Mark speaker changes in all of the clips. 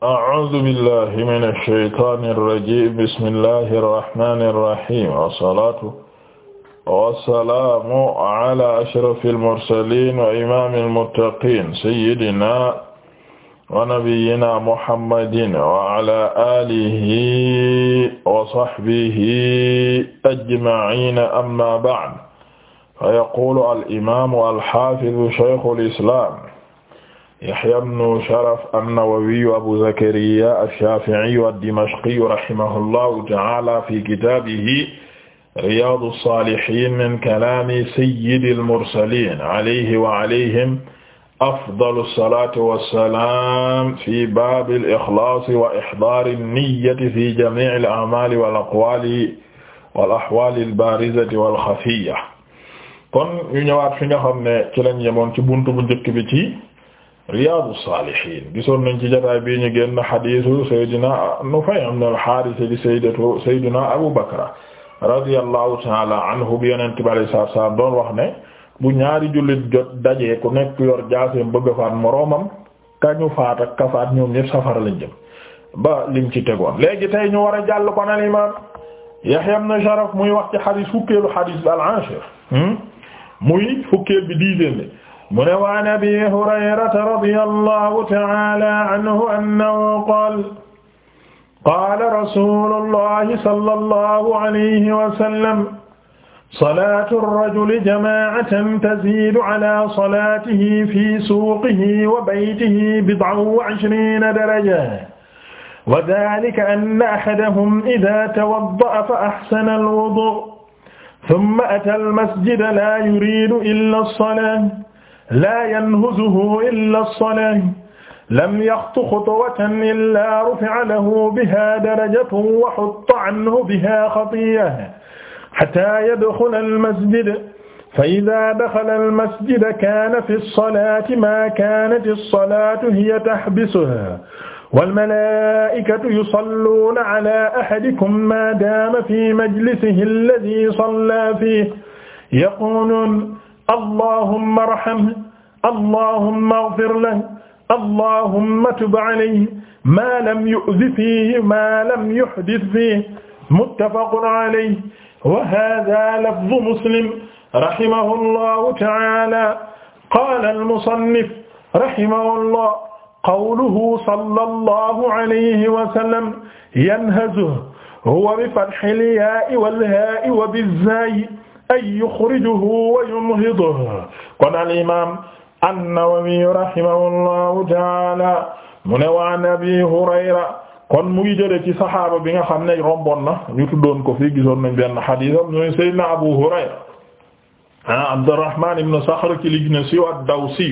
Speaker 1: a'uuzu billahi mina shaytaani rajiim bismillahi rahmaani rahiim wasalaatu wasalaamu ala ashrafil mursaliin wa imaamil muttaqiin sayyidinaa wa nabiyyinaa muhammadin wa ala aalihi wa sahbihi ajma'iin amma ba'd fa yaquulu al imaamu al haafizu shaykhul islaam Yahya ibn Sharaf an-Nawawiyu Abu Zakariya ash-Shafi'iyu ad-Dimashqiyu rahimahullahu ta'ala fi kitaabihi Riyaadus Saalihiin min kalaami sayyidil mursaliin alayhi wa alayhim afdalu salaati wa salaam fi baabil ikhlaasi wa ihdaarin niyyati fi jamii'il a'maali wal aqwaali wal ahwaalil baarizati wal xafiyya kon ñu ñëwaat fi nga xam ne ci lañ yemoon ci buntu bu njëkk bi ci. Riyadu Salihin gisoon nañ ci jotaay bii ñu génn hadiisu Seydina Nufay ibn al-Haaris di Sayyidatu Seydina Abu Bakra radiyallahu ta'ala anhu bi Yonent bi sallallahu alayhi wa doon wax ne bu ñaari jullit jot dajee ku nekk yor jaaseem bëgg faat moroomam kañu faat ak ka faat ñoom ñëpp safara lañ jëm ba lim ci tegoon léegi tey ñu war a jàll kon al imaam Yahya ibn Sharaf muy wax ci hadiis fukkeelu hadiis bi al-ashir hmm? muy fukkeel bi dixième mu ne wa an abi hurayrata radiyallahu ta'ala anhu annahu qaala qaala rasuulullahi sallallahu alayhi wa sallam salaatu rajuli jamaa'atan taziidu ala salaatihi fi suuqihi wa baytihi bid'an wa ishriina darajatan wa dhaalika anna ahadahum idhaa tawadda'a fa ahsana al-wuduu'a thumma ataa al-masjida laa yuriidu illaa as-salaata laa yanhuzuhu illa as-salaah lam yaxtu xutwatan illaa rufi'a lahu bihaa darajatun wa hutta anhu bihaa xatii'atun hattaa yadxula al-masjid فإذا دخل المسجد كان في الصلاة ما كانت الصلاة هي تحبسها والملائكة يصلون على أحدكم ما دام في مجلسه الذي صلى فيه يقولون allahumma arhamhu allahumma ighfir lahu allahumma tub alayhi ma lam yu'zi fihi ma lam yuhdith fihi muttafaqun alayhi wa hadha lafzu muslim rahimahullahu ta'ala qala al-musannif rahimahullah qawluhu sallallahu alayhi wa sallam yanhazuhu huwa bi fathil yaa'i wal haa'i wa bizzaa'i ay yuxrijuhu wa yumhiduhu kon al imaam an-Nawawi rahimahullahu taala mu ne wa an Abi Hurayra kon mu ngi jëlee ci saxaaba bi nga xam ne romboon na ñu tuddoon ko fii gisoon nañ benn xadiisam ñu Seydina Abu Hurayra ah Abdurrahman ibn Saxr ci li gën a siiw ad-Dawsi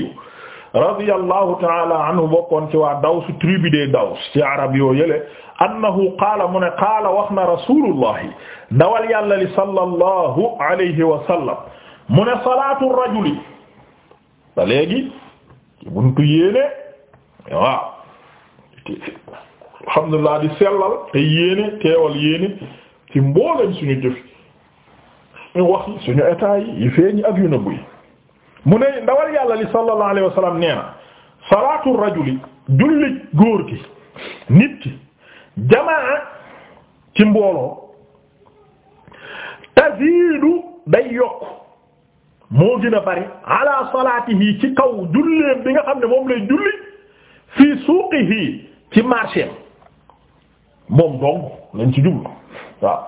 Speaker 1: radiyallahu taala anhu bokkoon ci waa Daws tribu des Daws ci arab yoo yële annahu qaala mu ne qaala wax na rasulullahi dawal yàlla li sallallahu alayhi mu ne salaatu rajuli ba léegi buntu yéene alhamdulillah di sellal te yéene teewal yéene ci mboolem ñu wax suñu état yi yi feeñ ak yu nëbbu yi mu ne ndawal yàlla li sallallahu alayhi wa sallam nee na salaatu rajuli julli góor gi nit ki jamaa ci mbooloo taziidu day yokk moo gën a bari ala salaatihi ci kaw julleem bi nga xam ne moom lay julli fii suuqihi ci marché moom dong lañ ci jublu waaw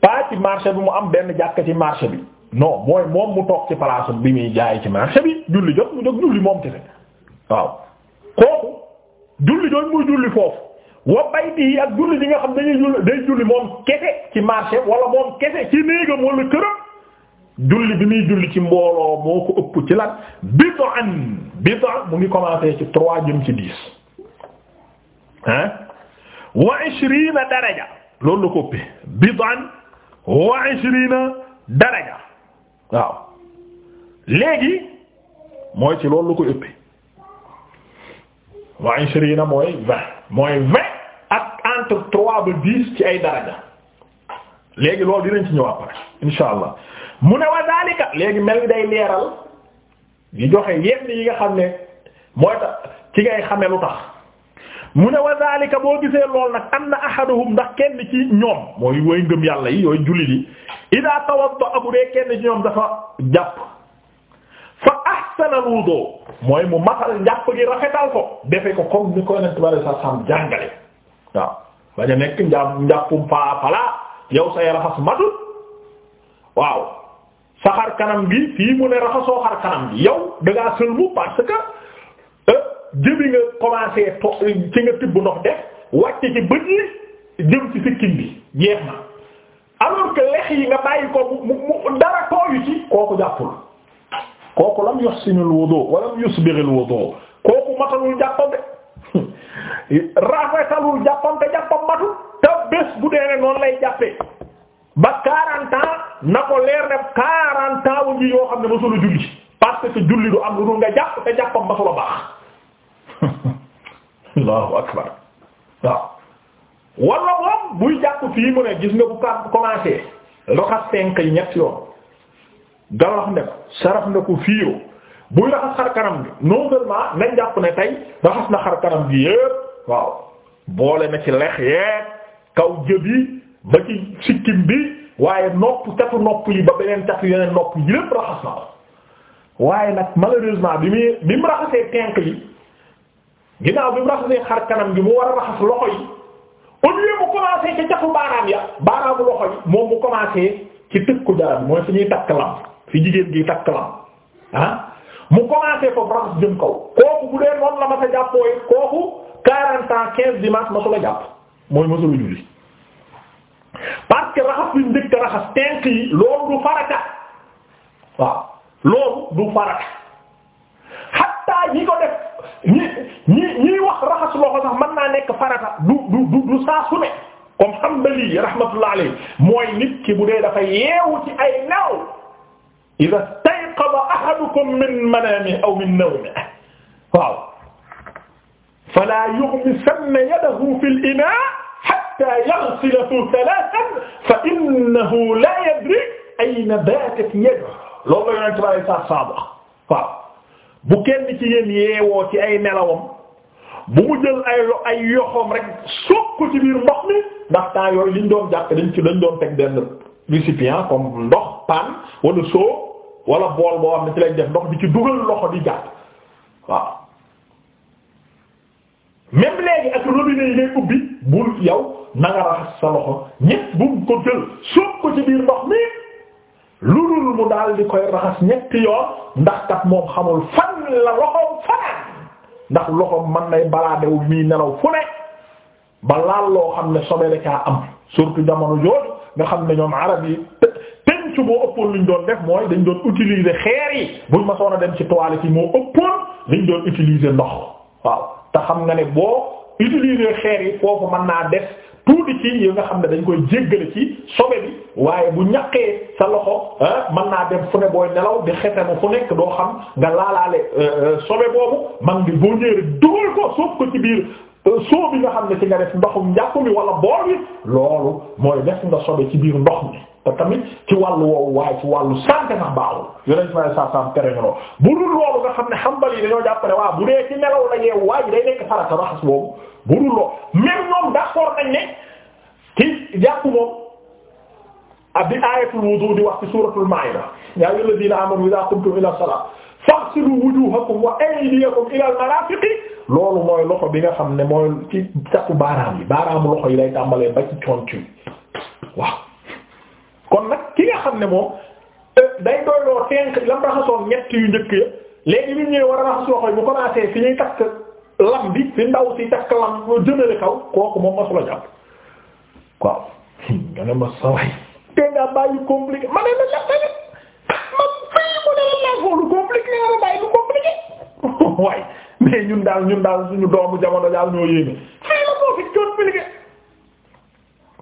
Speaker 1: pas ci marché bi mu am benn jàkka ci marché bi non mooy moom mu toog ci place bi muy jaay ci marché bi julli jot mu jóg julli moom kese waaw kooku julli jot muy julli foofu wa bayti yi ak julli bi nga xam dañuy julli day julli moom kese ci marché wala moom kese ci néegam wala këram julli bi muy julli ci mbooloo moo ko ëpp ci lan bid'an bid'an mu ngi commencé ci trois jëm ci dix ah wa ishrina daraja loolu la ko ëppee bid'an wa ishrina daraja waaw léegi mooy ci loolu lu ko ëppee wa ishrina mooy vingt mooy vingt ak entre trois ba ci ay daraja léegi loolu dinañ ci ñëw après insha allah mu ne wa dalika léegi mel ni day leeral di joxe yenn yi nga xam ne mooy tax ci ngay xame lu tax mu ne wa zalika boo gisee lool nag am na ahaduhum ndax kenn ci ñoom mooy woy ngëm yàlla yi yooyu jullit yi ida tawadda abu dafa jàpp fa mu matal njàpp gi rafetal ko defe ko comme ni koy nent bare sa sam jàngale waaw baña nekk njàppum fa falaa yow say raxas matut waaw sa xar kanam gi fii mu ne raxasoo xar kanam gi yow da sëlmu parce jëbi nga commencé to ci nga tibb ndox def wàcc ci bët yi jëm ci sikkin bi jeex na alors que lex yi nga bàyyi ko mu mu dara tooyu ci kooku jàppul kooku lam yuhsinul wudu wala yusbirul wudu kooku matalul jàppam rafetalul jàppam te jàppam matul te bés bu dee ne noonu lay jàppee ba 40 na ko leer ne 40 ans ngi yoo xam ne mosula julli parce que julli du am lu dul nga jàpp te jàppam mosula baax. allahu akbar waaw walla moom buy jàpp fii mu ne gis nga bu ka commencé loxas tenk yi ñett yoon galax ne ko saraf ne ko fiiro buy raxas xar kanam bi non seulement nañ jàpp ne tey raxas na xar kanam bi yépp waaw boole na ci lex yeeg kaw jëb yi ba ci sikkim bi waaye nopp catu nopp yi ba beneen catu yeneen nopp yi raxas na waaye nag malheureusement bi muy bi mu raxasee tenk yi ginnaaw bi mu raxasee xar kanam bi mu war a raxas loxo yi au lieu mu commencé ca cafu baaraam ya baaraamu loxo yi moom mu commencé ci tëkku dara bi mooy fi ñuy takk lam fi jigéen gi takk lam ah mu commencé foofu raxas jëm kaw kooku bu dee moom la ma sa jàppooy kooku quarante ans dimanche ma su la jàpp mooy ma su la julli parce que raxas bi njëkk raxas tenk yi loolu du farata waaw loolu du farata taa ñi ko def ñi ñi ñiy wax raxas loxo sax mën naa nekk farata du du du saa su ne comme Hanbali rahmatullah alayhi mooy nit ki bu dee dafa yeewu ci ay naaw idha istayqadha ahadukum min manamihi aw min nawmihi waaw fala yughmisanna yadahu fil inaa' hatta yaghsilahu thalathan fa innahu la yadri ayna batat yaduhu loolu la Yonent bi sallallahu alayhi wa sallam waaw bu kenn ci yéen yeewoo ci ay nelawam bu mu jël ay lo- ay yoxoom rek soog ko ci biir ndox mi ndax temps yooyu liñ doon jàpp dañ ci dañ doon teg benn récipient comme ndox pan wala soo wala bool boo xam def ndox di ci dugal loxo di jàpp waaw même léegi ak robinet yi ngay ubbi bul yow na nga raxas sa loxo ñett bu ko jël soog ko ci biir ndox mi lu dul mu daal di koy raxas ñetti yoon ndax kat moom xamul fan la loxoom fanaan ndax loxoom mën nay balaa dew mii nelaw fu ne ba laal loo xam ne sobe la caa am surtout jamono jooju nga xam ne ñoom arab yi tëncu moo ëppoon luñ doon def mooy dañ doon utiliser xeer yi buñ ma soon a dem ci toilette yi moo ëppoon liñ doon utiliser ndox waaw te xam nga ne boo utiliser xeer yi foofu mën naa def tuuti ci yi nga xam ne dañ koy jéggale ci sobe bi waaye bu ñaqee sa loxo mën naa dem fu ne booy nelaw di xetanu fu nekk doo xam nga laalaale euh, euh, sobe boobu man ngi boo ñëwee dugal ko soof ko ci biir euh, soo bi nga xam ne ci nga def ndoxum njàpp mi wala bool bi loolu mooy def nga sobe ci biir ndox mi te tamit ci wàllu woowu waaye ci wàllu santé sax baaxul yonent bi saa saam tere ñu loolu bu dul loolu nga xam ne Hanbali yi dañoo jàppale waa bu dee ci nelaw la yeewu waa ji day nekk farata raxas boobu bu dul loolu même ñoom d'accord nañ ne ci jàpp moom ab bi aayatul wudu di wax ci suuratul maa'ida yaa ayyuhal laziina aamanuu izaa qumtum ilaa salaati faghsiluu wujuuhakum wa aydiyakum ilal maraafiqi loolu mooy loxo bi nga xam ne mooy ci jàpp baaraam yi baaraamu loxo yi lay tàmbalee ba ci conc waaw kon nag ki nga xam ne moom euh, day doyloo cinq lam raxasoon ñett yu njëkk ya léegi li ñuy war a raxas loxo bu commencé fi ñuy takk lam bi fi ndaw si takk lam jëmale kaw kooku moom ma saway te jàpp mu ne la laa a bàyyi lu compliqué waaye mais ñun daal ñun daal suñu doomu jamono daal ñoo moo fi compliqué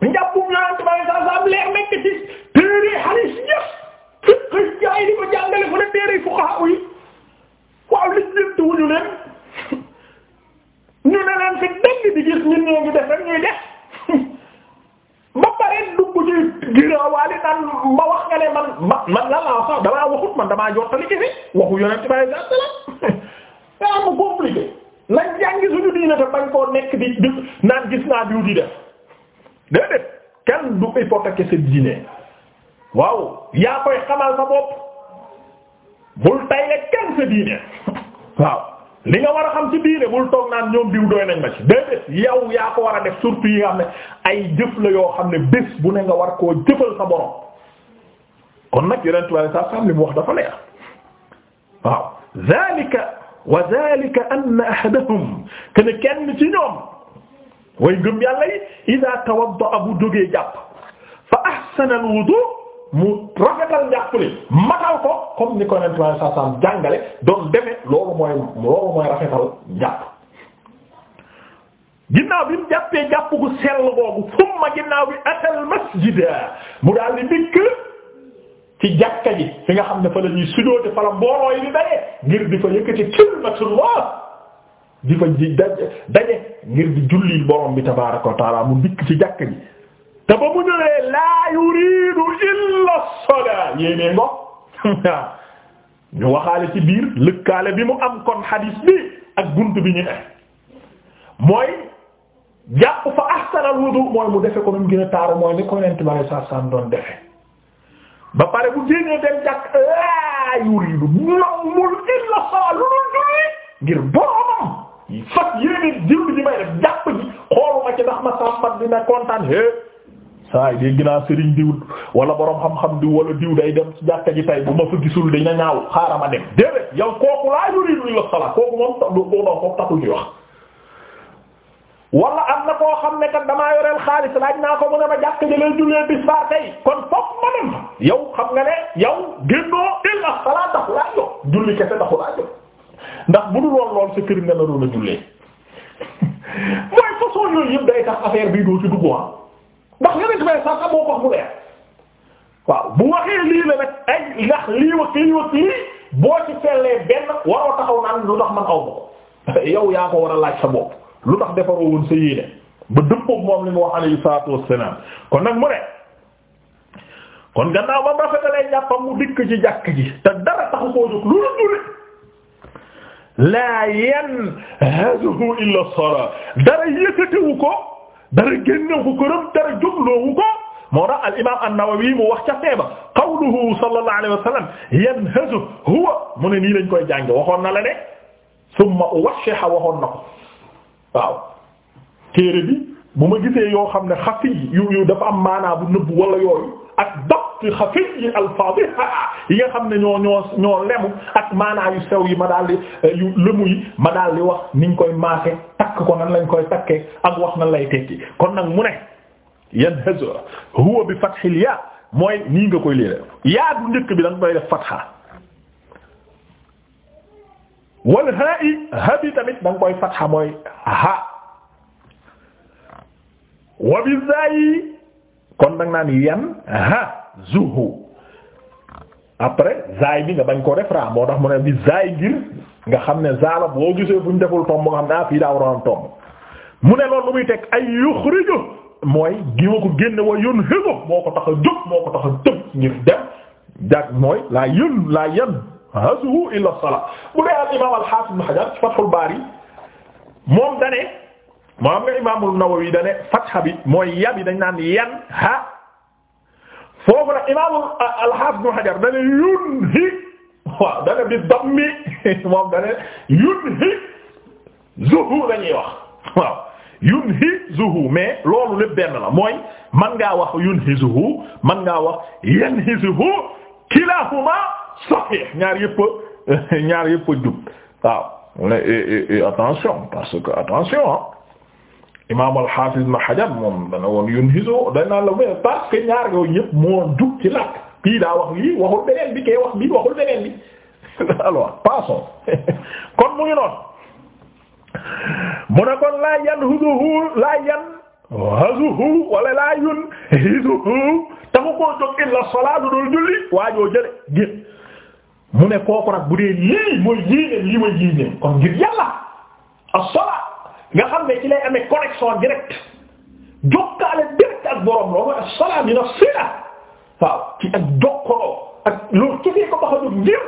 Speaker 1: njàppum ñoo antibaay saa saa leer nekk ci téere xalis ñëpp fiqh jaay di ko jàngale fu ne téere fuqaha yi waaw li ñëpp wuñu ñu ne leen fi dëgg di gis ñun ñoo ngi def rek ñuy def ba pare dugg ci giraawaali naan ma wax nga ne man ma man la laa wax damaa waxut man damaa jottali ci fi waxu yonent bi alayhi salaam nga am compliqué jàngi suñu diine te bañ koo nekk di di naan gis naa diw def déedéet kenn du hypothéquer sa diine waaw yaa koy xamal sa bopp bul tay la kenn diine waaw li nga war a xam ci diine bul toog naan ñoom diw doy nañ ma ci déedéet yow yaa ko war a def surtout yi nga ay jëf la yoo xam ne bés bu ne nga war ko jëfal sa borom kon nag yeneen tubaab yi sax sax li mu wax dafa leer waaw. zaalika wa zaalika ahadahum kana kenn ci ñoom way ngëm yàlla yi idaa tawadda bu jógee jàpp fa ahsana al-wudu mu rafetal njàppale matal ko comme ni ko Yonent bi saa saam jàngale doon demee loolu mooy loolu mooy rafetal njàpp ginnaaw bi mu jàppee jàpp gu sell boobu summa ginnaaw bi atal masjida mu daal di dikk ci jàkka ji fi nga xam ne fa la ñuy sujjóote fa la mbooloo yi daje ngir di fa yëkkati kalimatullah di fa daje ngir di julli borom bi tabaaraka wa mu dikk ci jàkka ji. te ba mu ñëwee laa yuridu illa as-salaa yéenee ngo waxaale ci biir lëkkaale bi mu am kon xadiis bi ak bunt bi ñu ne mooy jàpp fa ahsanal wudu mooy mu defe ko nu mu gën taaru mooy ni ko Yonent bi sallallahu alayhi wa defe ba pare bu génnee dem jàkk laa yuridu nawmul illa as-salaa lu dul julli ngir boromam fas yéene jiw ji may def jàpp ji xooluma ci ndax ma sàmbat dina kontaan hee saa yi dégg naa sëriñ diw wala boroom xam-xam diw wala diw day dem ci jàkka ji tay bu ma fa gisul a ñaaw xaaral ma dem déedéet yow kooku laa yuri luy la sala kooku moom tax kooku taxul ñuy wax. wala am xam ne kat damaa yoreel xaalis laaj ko mu ma dem yow xam nga ne yow génnoo illa sala taxul laa jóg julli kese taxul laa jóg ndax bu dul woon lool sa kër nga naroon a jullee mooy façon yooyu yëpp day tax affaire bi doo ci dugg ah. ndax yeneen may sax moo ko mu leer waaw bu waxee lii la nag ay ndax lii wax lii wax lii boo ci sellee benn waroo taxaw naan lu tax man aw ma ko yow yaa ko war a laaj sa bopp lu tax defaroo woon sa yéene ba dëppoo moom li mu wax alayhi salaatu wassalaam kon nag mu ne kon gannaaw ba mu rafetalee njàppam mu dikk ci jàkk ji te dara taxu koo jóg lu lu laa yanhazuhu illa sala dara yëkkatiwu ko dara génne ko këram dara jógloowu ko moo tax al imaam an-Nawawi mu wax ca feeba qawluhu sallallahu alayhi wa sallam yanhazu huwa mu ne nii lañ koy jànge waxoon na la de summa uwashiha waxoon na ko waaw téere bi bu ma gisee yoo xam ne xafi yu yu dafa am maanaa bu nëbb wala yooyu ak dabt xafiy alfaadiha yi nga xam ne ñoo ñoo ñoo lemu ak maanaa yu sew yi ma daal di eh, yi wax niñ koy maase takk ko nan lañ koy takkee ak wax nan lay tekki kon nag mu ne yanhazu huwa bi fathil yaa mooy nii nga koy léere yaa du njëkk bi da nga koy def fatha wal haa i ha bi tamit da nga koy fatha ha wa bi zaayi kon da nga naan yan ha zuhu après zaay bi nga bañ koo def raa moo tax mu ne bi zaay ngir nga xam ne zaala boo gisee fu ñu deful tomb nga xam ne ah fii daa waroon tomb mu ne loolu lu muy teg ay yuxriju mooy gi ko génne wa yunhidu moo ko tax a jóg moo ko tax a tëb ngir dem jàkk mooy laa yën laa yan hazuhu illa salaa bu dee al imaam al-Hafiz Ibn Hajar ci Fathul Bari moom dane moo am nga imaamul Nawawi da ne fatha bi mooy ya bi dañ naan yan ha foofu nag imaamul euh, al-Hafiz Ibn Hajar waaw da bi dammi moom da ne zuhu la wax waaw yun zuhu mais loolu lépp benn la mooy man ngaa wax yun zuhu man ngaa wax yan hi zuhu kilahuma sahih ñaar yëpp ñaar yëpp jub waaw attention parce que attention imaam al-Hafiz Ibn Hajar moom dana woon yunhizu dana la mais parce que ñaar yooyu yëpp moo dugg ci làkk daa wax lii waxul beneen bi kay wax bii waxul beneen bi alors passons kon mu ngi noonu mu ne kon laa yanhuzuhu laa wala laa yunhizuhu taxu koo jóg illa salaa lu dul julli waajoo jële ngir mu ne kooku nag bu dee lii mooy yéenéem lii mooy yéenéem kon ngir yàlla as nga xam ne ci lay amee connexion direct jokkaale direct ak borom loolu as-salaam min as-sila waaw ci ak jokkaloo ak loolu ci fii ko ba xam ngir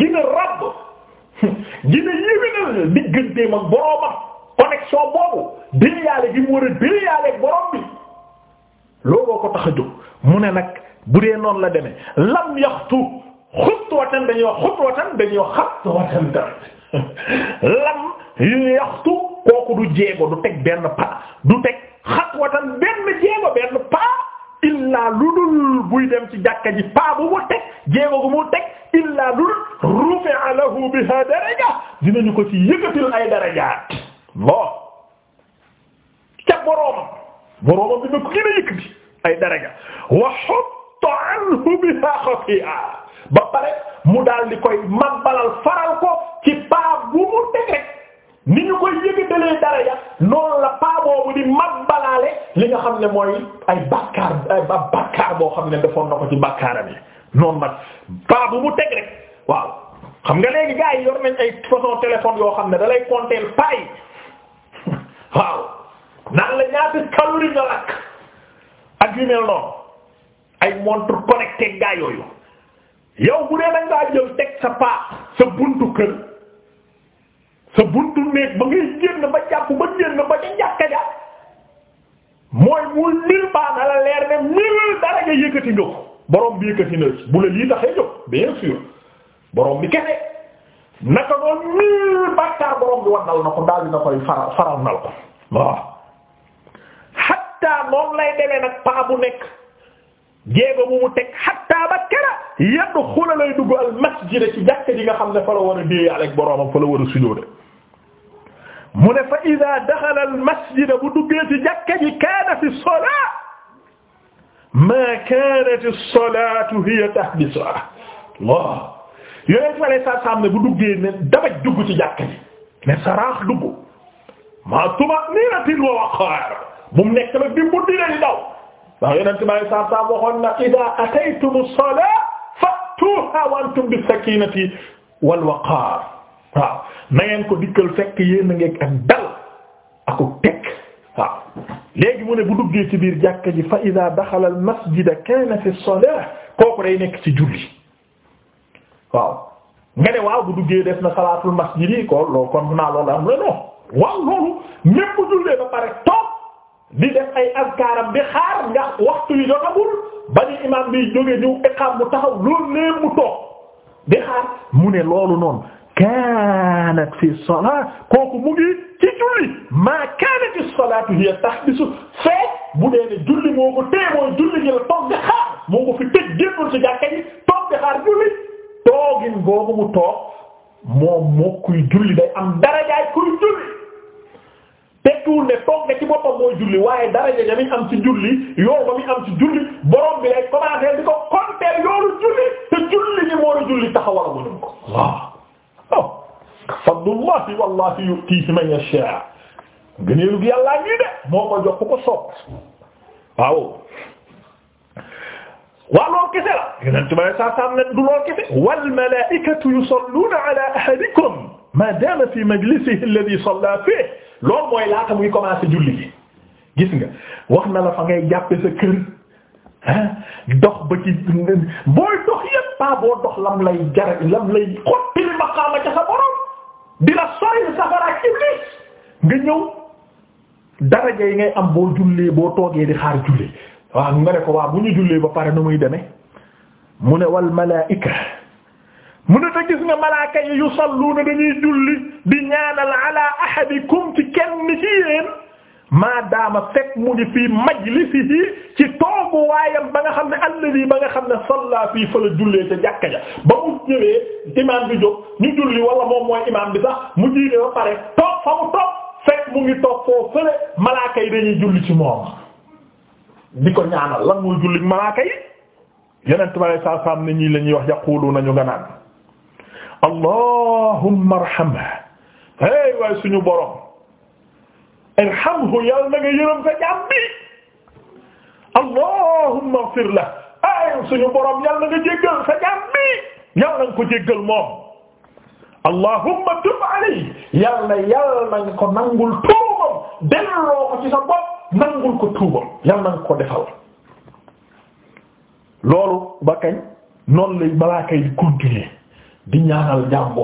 Speaker 1: gën a ràbb gën a yéwénal digganteem ak boromam connexion boobu déeyaale gi mu war a déeyaale borom bi looloo ko tax a jóg mu ne nag bu dee noonu la demee lam yaxtu xutwatan dañuy wax xutwatan dañuy wax xatwatan lam yaxtu kooku du jéego du teg benn pas du teg xatwatan benn jéego benn pas illaa lu dul buy dem ci jàkka ji pas bu mu teg jéego bu mu teg illaa lu dul rufi'a lahu biha daraja dinañu ko ci yëkkatil ay darajaat bon ca boroomam boroomam dina ko gën yëkkati ay daraja wa hutta anhu biha xati'a ba pare mu daal di koy mabbalal faral ko ci pas bu mu teg rek ni ñu koy yëgatalee dara ya noonu la paa boobu di mag balaale li nga xam ne mooy ay bakkaar ay bakkaar boo xam ne defoon na ko ci bakkaaram yi noonu nag paa bu mu teg rek waaw. xam nga léegi gars yi yor nañ ay façon téléphone yoo xam ne dalay lay compter paa yi waaw naan la ñaata calorie nga lakk ak yu mel noonu ay montre connecté gaa yooyu yow bu dee da ngaa jël teg sa paa sa buntu kër. sa buntu néeg ba ngay génn ba jàpp ba génn ba ci jàkka ja mooy muy mil baa na la leer ne mil dara nga yëkkati ko borom bi yëkkati na bu ko daal dina lay demee nag paa bu nekk jéego bu mu teg xatta ba kera yaddu xula dugg al ci jàkka ji nga xam ne fa la war a déey ak boromam fa la war a sujjóote mu ne fa ida daxala al masjida bu duggee ci jàkka ji kaanat as-salaa maa kaanat as-salaatu hiya tahbisuhaa Allah yooyu fale sa saam ne bu duggee ne dabaj dugg ci jàkka ji ne saraax dugg maa tuma'niinatin wa waqaar bu mu nekk nag bi mu dinañ daw ndax yonent bi alayhi salaatu salaam waxoon na ida ataytumu as-salaata fa'tuuhaa wa antum bis-sakiinati wal waqaar waaw na ngeen ko dikkal fekk yéen ngeeg ak dal aku teg waaw léegi mu ne bu duggee ci biir jàkka ji fa ida daxala al masjida kana fi salah kooku day nekk ci julli waaw nga ne waaw bu duggee def na salaatul masjid yi ko loolu kon bu naa loolu am la non waaw loolu même bu jullee ba pare toog di def ay azkaaram bi xaar nga waxtu yi jotagul ba ni imaam bi jóge ñëw iqaam mu taxaw loolu léegi mu toog di xaar mu ne loolu noonu kaanat fi salaat kooku mu ngi ci julli maa kaanat as-salaatu hiya tahbisu fekk bu dee ne julli moo ko tee julli gi la toog xaar moo fi tëj génnul ci jàkka ji toog di xaar julli toogin boobu mu toog moom moo kuy julli day am darajaay kuy julli tekkiwul ne toog ne ci boppam mooy julli waaye daraja ja mi julli yow ba mi am julli borom bi lay commencer yu'ti wallahi yu'ti man yasha gëneelu gi yàllaa ñuy de moo ko jox ku ko soob waaw waaw loolu kese la yonent bi saa saa ne du loolu kese wal malaa'ikatu yusalluuna ala ahadikum ma daama fi majlisihi alladhi salla fihi loolu mooy laata muy commencé julli gi gis nga wax na la fa ngay jàppe sa kër ah dox ba ci booy dox yépp pas boo dox lam lay jar lam lay xottil maqaama ca sa borom di la sori safara iblis nga ñëw daraja yi ngay am boo jullee boo toogee di xaar jullee waaw nga ne ko waaw bu ñu jullee ba pare nu muy demee mu ne wal malaa'ika mu ne te gis nga malaaka yi yusalluuna dañuy julli di ñaanal ala ahadikum ci kenn ci yeen maadaama fekk mu ngi fii majlisihi ci toogu waayam ba nga xam ne alladi ba nga xam ne salla fii fa la jullee ca jàkka ja ba mu ñëwee imaam bi jóg ñu julli wala moom mooy imaam bi sax mu jiite ba pare toog fa mu toog fekk mu ngi toog foo fële malaaka yi dañuy julli ci moom di ko ñaanal lan mooy julli malaaka yi yeneen tubaab yi saa saam ne ñii la wax yaqulu nañu nga naan allahumma arhamhu hey waay suñu borom. irhamhu yàlla na nga yërëm sa jaam bi allahumma ighfir la ay suñu borom yàlla na nga jéggal sa jaam bi yàlla nga ko jéggal moom allahumma tub alayhi yàlla yàlla na nga ko nangul tuubam delloo ko ci sa nangul ko tuubam yàlla na ko defal loolu ba kañ noonu lay malaaka yi continuer di ñaanal jaam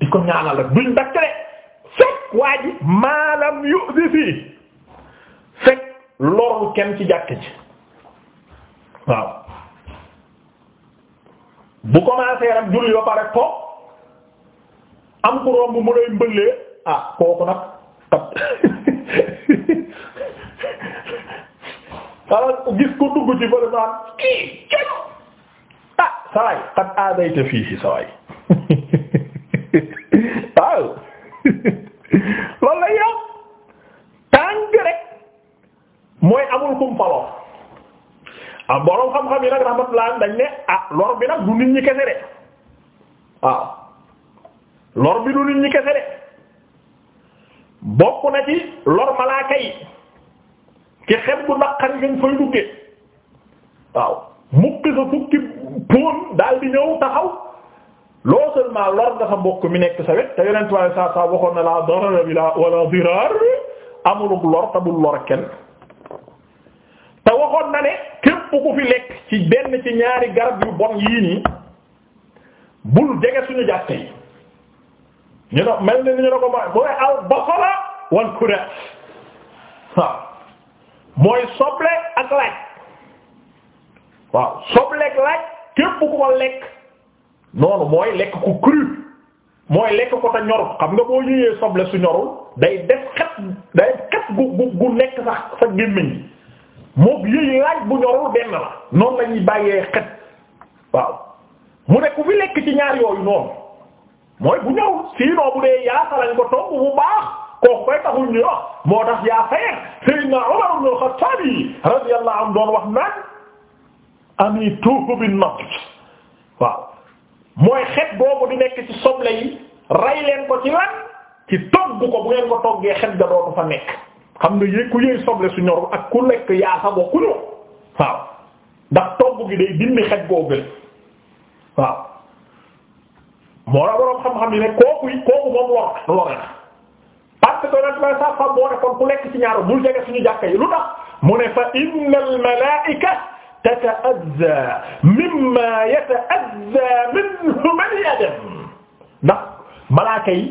Speaker 1: di ko ñaanal rek duñ dakkale waa ji maalam yu di fii fekk loolu kenn ci jàkk ji waaw bu commencé rek julli ba pare ko am ku romb mu lay mbëllee ah kooku nag tab alors gis ko dugg ci bële naan kii kenn ah saway xat aadayta fii si saway waaw loolu la yow mooy amul kum faloo am ah, borom xam-xam yi nag rahmatullah ne ah bi nag du nit ñi kese de waaw lor bi du nit ñi kese de bokk na ci lor ki xeb bu naqari gañ fay duggee waaw mukki sa fukki póon daal di ñëw taxaw non seulement lor nga sa mbokk mi nekk sa wet te yeneen tubaab saa saa waxoon na laa darara bi laa wala dirar amulug lor te lor kenn te waxoon na ne képp ku fi lekk ci benn ci ñaari garab yu bon yii nii bul jege suñu jàtte yi ñu ne mel ni ñu ne ko mooy mooy al basala wal kuras waaw mooy soble ak laaj waaw soble ak laaj képp ku ko lekk. noonu mooy lekk ko cru mooy lekk ko te ñorul xam nga boo yëyee soble su ñorul day def xet day xet gu gu gu nekk sax sa gémmiñ mook yëy laaj bu ñorul benn la noonu lañuy bàyyee xet waaw mu ne ku fi lekk ci ñaar yooyu noonu mooy bu ñorul sinon bu dee yaasa lañ ko togg bu baax kooku koy taxul ñu wax moo tax yaa fayet Seydina Umar ibn al-Khattab radiyallahu doon wax naan ami tuufu bin nabd waaw mooy xet boobu di nekk ci soble yi rey ko ci lan ci togg ko bu ngeen ko toggee xet ga dootu fa nekk xam ne yëg ku yëy soble su ñor ak ku lekk yaa sa bokku ñor waaw ndax togg gi day dindi xet boobu la waaw moo la boroom xam ne na kon ku lekk ci ñaar bul jege suñu jàkka yi lu tax mu ne fa innal malaa'ika tata'adha mimma yata'adha minhu bani adam ndax malaaka yi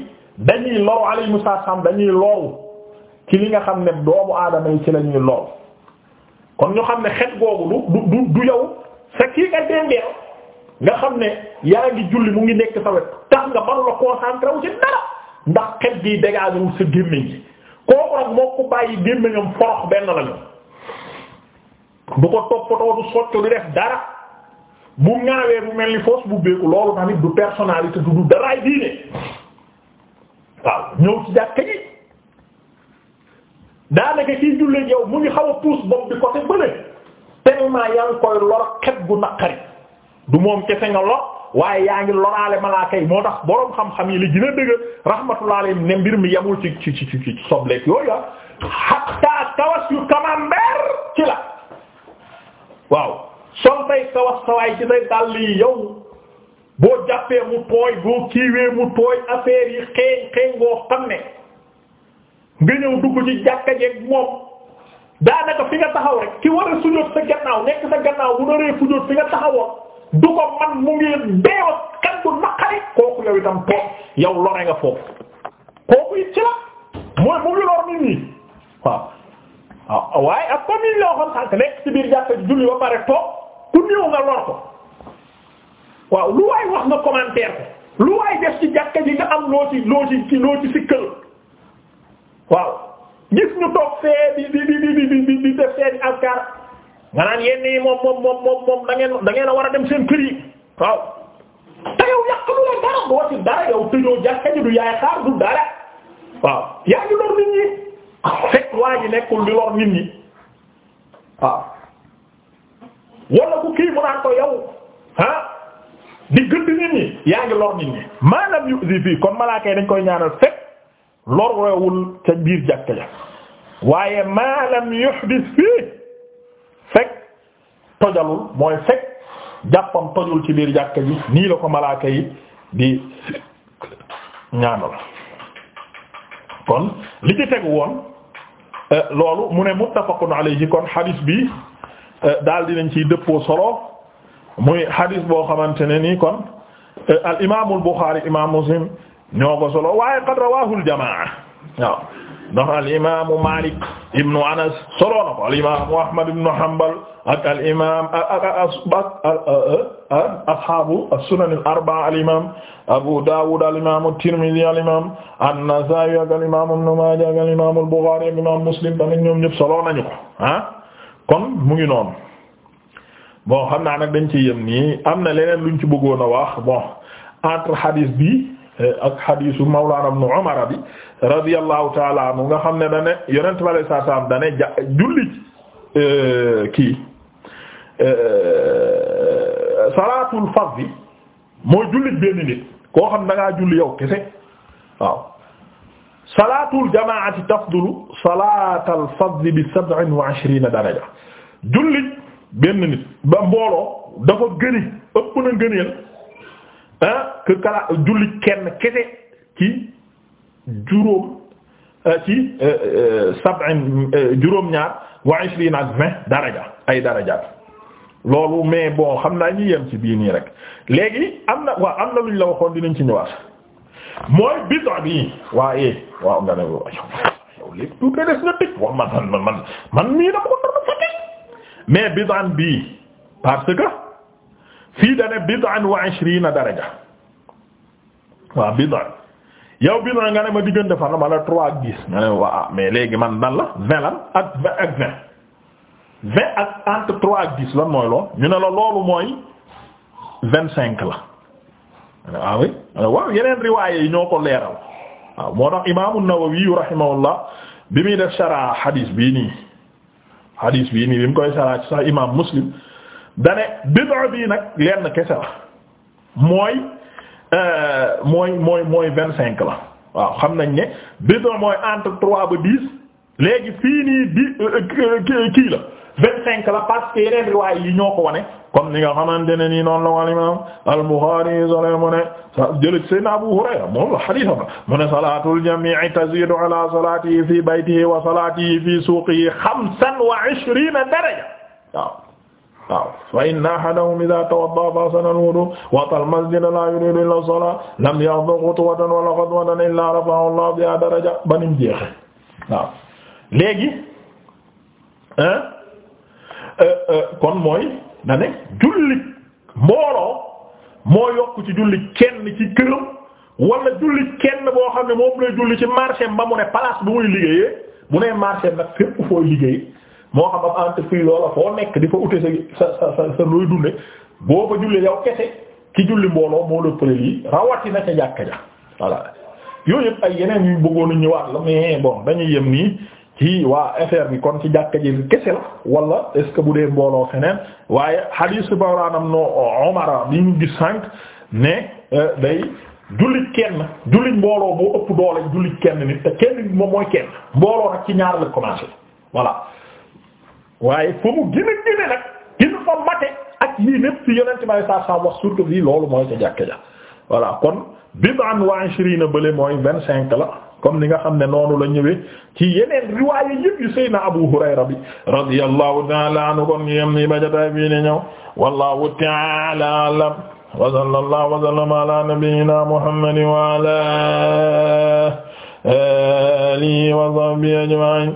Speaker 1: dañuy loru alayhimu salaam dañuy loru ci li nga xam ne doomu aadama yi ci la ñuy kon ñu xam ne xet googu du du du yow sa kii nga dendeel nga xam ne yaa ngi julli mu ngi nekk sa wet tax nga mën la concentré wu ci dara ndax xet gi dégagé wu sa gémmiñ gi kooku nag moo ko bàyyi gémmiñam forox benn la du ko toppatoo du soccu di def dara bu ñaawee bu mel ni foos bu beeku loolu tamit du personnalité du daraay diine waaw ñëw ci jàkka ji daanaka kiy jullee yow mu ngi xaw a puus bopp bi côté bële tellement yaa ngi koy lor xet gu naqari du moom kese nga lor waaye yaa ngi loraale malaaka moo tax boroom xam-xam yi li gën a dëgg rahmatullah ne mbir mi yamul ci ci ci sobleek yooyu ah hatta tawas yu camamber ci la waaw sol tay sa wax sawaay ci say dàll yi yow boo jàppee mu tooy boo kiiwee mu tooy affaire yi xeeñ xeeñ ngoo xam ne nga ñëw dugg ci jàkka jeeg moom daanaka fi nga taxaw rek ki war a sujóot sa gannaaw nekk sa gannaaw bu naree sujóot fi nga taxawoo du ko man mu ngi beewa kan bu naqari kooku yow itam toog yow lore nga foofu kooku it ci la mooy mu ngi lor nit ñi waaw waaw ah, waaye ak commune loo xam sànq nekk ci biir jàkka julli ba pare toog ku ñëw nga lor ko waaw lu waay wax nga commentaire ko lu waay def ci jàkka ji nga am loo ci loo ci loo ci sikkal waaw gis ñu toog fee di di di di def seen askar nga naan yenn moom moom moom moom moom da ngeen a war a dem seen kër yi waaw te yow yàq lu la dara doo ci dara yow tëjoo jàkka ji du yaay xaar du dara waaw yaa ngi lor nit ñi. fekk waa ji nekkul di lor nit ñi waaw wala ku kii mu naan ko yow ah di gëdd nit ñi yaa ngi lor nit ñi maanaam yu si fii kon malaaka yi dañ koy ñaanal fekk lor reewul ca biir jàkka ja waaye maanaam yuhdis fii fekk tojalul mooy fekk jàppam tojul ci biir jàkka ji nii la ko malaaka yi di ñaanal kon li ci tegu woon loolu mu ne muttafaqun alayhi kon hadis bi euh, daal dinañ ciy dëppoo solo muy hadis boo xamante ne nii kon euh, al imaamul Buxaari imaam Muslim ñoo ko solo waaye qad rawaahul jamaa waaw ndax al imaamu Malik ibnu Anas solo na ko al imaamu Ahmad ibnu Hanbal ak al imaam ak ashaabu as-sunan al-arba'a al imaam Abu Dawud al imaamu Tirmidhi al imaam an-Nasa'i ak al imaamu Ibnu Maaja ak al imaamu al-Bukhari ak imaamu Muslim tamit ñoom ñëpp solo nañu ko ah kon mu ngi noonu bon xam naa nag dañ ci yem nii am na leneen luñ ci bëggoon a wax bon entre hadith bi. ak xadiisu mawlaana ibnu Umar bi radiyallahu taala anhu nga xam ne dane yonent bi alayhi salaam dane ja julli e, kii e, salaatul fard bi mooy jullit benn nit koo xam da ngaa julli yow kese waaw salaatul jamaati tafdulu salaatal fard bi sab'in wa ishriina daraja jullit benn nit ba mbooloo dafa gëni ëpp na gëneel que kala julli kenn kese ci juróom euh, ci euh, euh, sab'in juróom-ñaar wa ishrin ak vingt daraja ay darajaat loolu mais bon xam naa ñu yem ci bii nii rek léegi am na waaw am na lu la waxoon dinañ ci ñëwaat mooy bid'a bi waaye eh, waaw nga ne yow yow léegi tuuti des na tëj waaw man man man man mii dama mais bid'a bi parce que. fii dane bid'an wa ishrina daraja waaw bid'an yow bid'an nga ne ma diggante fan la ma la trois ak nga ne waa mais léegi man dan la vingt lan ak vingt ak vingt vingt ak entre trois ak lan mooy lool ñu ne la loolu mooy vingt cinq la waaw ah waaw yeneen riwaaye yi ñoo ko leeral waaw moo tax imaamu Nawawi rahimahullah bi muy def sharh hadis bii nii hadis nii bi mu koy sharh sax imaam Muslim dane bid'a bii nag lenn kese la mooy euh, mooy mooy mooy vingt cinq la waaw xam nañ ne bid'a mooy entre trois ba dix léegi fii nii di euh, euh, kii la vingt cinq la parce que yeneen riwaay yi ñoo ko wane comme ni nga xamante ne nii noonu la wal imam al-Bukhari sole mu ne jëlëj saydna Abu Hurayra moom la hadith am mu ne salaatul jami'i tazidu ala salatihi fi baytihi wa salatihi fi suuqihi xamsan wa ishrina daraja waaw waaw fa inna ahadahum idha tawadda'a fa ahsana al-wudu' wa atal masjid la illa as lam ya'khudh khutwatan wala khutwatan illa rafa'ahu Allah biha daraja ba nim jeexe waaw léegi euh, euh, kon mooy na ne julli mbooloo moo yokk ci julli kenn ci këram wala julli kenn boo xam ne moom lay julli ci marché ba mu ne place bu muy liggéeyee bu nee marché nag fépp fooy liggéey moo xam am entreprise loola foo nekk di fa ute sa sa sa sa looy dunde boo fa jullee yow kese ki julli mbooloo moo la pëlël yi na ca jàkka ja voilà yooyu yëpp ay yeneen yu bëggoon bëggoonu ñëwaat la mais bon dañuy yem nii ci waa affaire bi kon ci jàkka ji kese la wala est ce que bu dee mbooloo feneen waaye hadith bawraanam noo Umar bi ñu gis sànq ne euh, day jullit kenn jullit mbooloo boo ëpp doole jullit kenn nit te kenn moom mooy kenn mbooloo nag ci ñaar la commencé voilà waaye fa mu gën a nag gën fa ak lii lépp ci yonent bi saa wax surtout lii loolu mooy ca jàkka ja voilà kon bid'an wa ishrina bële mooy vingt la kom ni nga xam ne noonu la ñëwee ci yeneen riwaaya yëpp yu Abu Hurayra bi radiyallahu ta'ala anhu kon yem ni ba jotaay bii ni ñëw wallahu ta'ala a'lam wa sallallahu wa sallama ala nabiyyina muhammadin wa ala alihi wa sahbihi ajma'in